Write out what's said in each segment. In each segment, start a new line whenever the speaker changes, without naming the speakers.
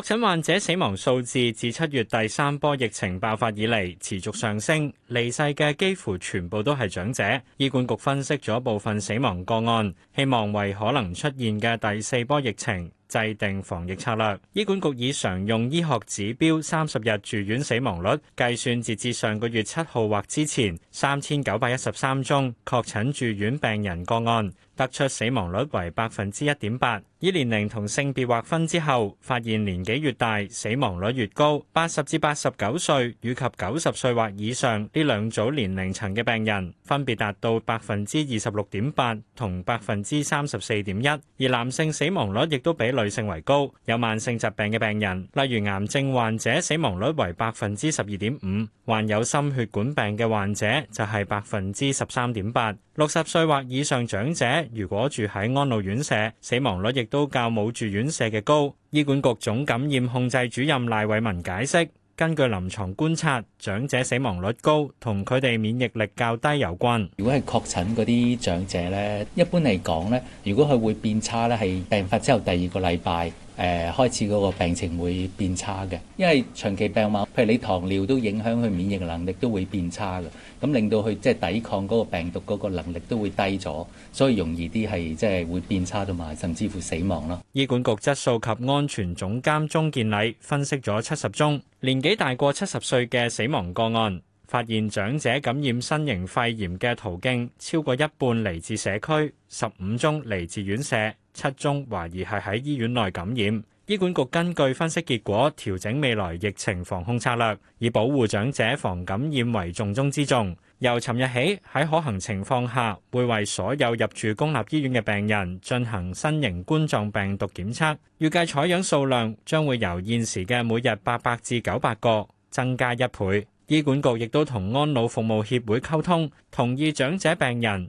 確診患者死亡數字自七月第三波疫情爆發以嚟，持續上升，離世嘅幾乎全部都係長者。醫管局分析咗部分死亡個案，希望為可能出現嘅第四波疫情制定防疫策略。醫管局以常用醫學指標三十日住院死亡率計算，截至上個月七號或之前三千九百一十三宗確診住院病人個案。得出死亡率為百分之一點八，以年齡同性別劃分之後，發現年紀越大死亡率越高。八十至八十九歲以及九十歲或以上呢兩組年齡層嘅病人，分別達到百分之二十六點八同百分之三十四點一。而男性死亡率亦都比女性為高。有慢性疾病嘅病人，例如癌症患者，死亡率為百分之十二點五；患有心血管病嘅患者就係百分之十三點八。六十歲或以上長者，如果住喺安老院舍，死亡率亦都較冇住院舍嘅高。醫管局總感染控制主任賴偉文解釋，根據臨床觀察，長者死亡率高，同佢哋免疫力較低有關。如果係確診嗰啲長者咧，一般嚟講咧，如果佢會變差咧，係病發之後第二個禮拜。誒開始嗰個病情會變差嘅，因為長期病嘛，譬如你糖尿都影響佢免疫能力，都會變差嘅，咁令到佢即係抵抗嗰個病毒嗰個能力都會低咗，所以容易啲係即係會變差同埋，甚至乎死亡咯。醫管局質素及安全總監鍾健禮分析咗七十宗年紀大過七十歲嘅死亡個案，發現長者感染新型肺炎嘅途徑超過一半嚟自社區，十五宗嚟自院舍。七宗懷疑係喺醫院內感染。醫管局根據分析結果調整未來疫情防控策略，以保護長者防感染為重中之重。由尋日起喺可行情況下，會為所有入住公立醫院嘅病人進行新型冠狀病毒檢測。預計採樣數量將會由現時嘅每日八百至九百個增加一倍。醫管局亦都同安老服務協會溝通，同意長者病人。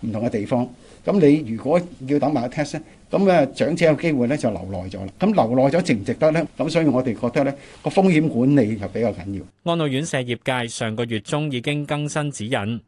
唔同嘅地方，咁你如果要等埋個 test 咧，咁誒長者有機會咧就留耐咗啦。咁留耐咗值唔值得咧？咁所以我哋覺得咧個風險管理就比較緊要。
安老院舍業界上個月中已經更新指引。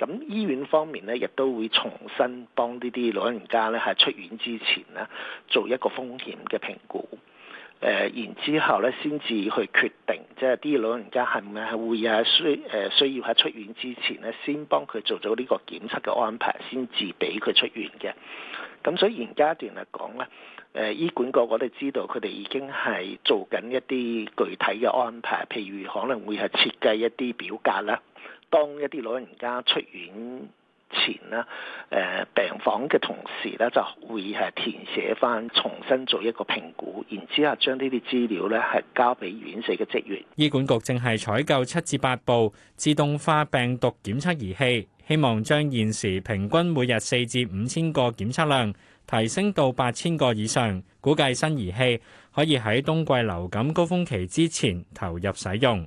咁醫院方面咧，亦都會重新幫呢啲老人家咧，喺出院之前咧，做一個風險嘅評估。誒、呃，然之後咧，先至去決定，即係啲老人家係咪係會啊、呃，需誒需要喺出院之前咧，先幫佢做咗呢個檢測嘅安排，先至俾佢出院嘅。咁所以現階段嚟講咧，誒、呃、醫管局我哋知道佢哋已經係做緊一啲具體嘅安排，譬如可能會係設計一啲表格啦。當一啲老人家出院前啦，誒、呃、病房嘅同事咧就會係填寫翻，重新做一個評估，然之後將呢啲資料咧係交俾院舍嘅職員。
醫管局正係採購七至八部自動化病毒檢測儀器，希望將現時平均每日四至五千個檢測量提升到八千個以上。估計新儀器可以喺冬季流感高峰期之前投入使用。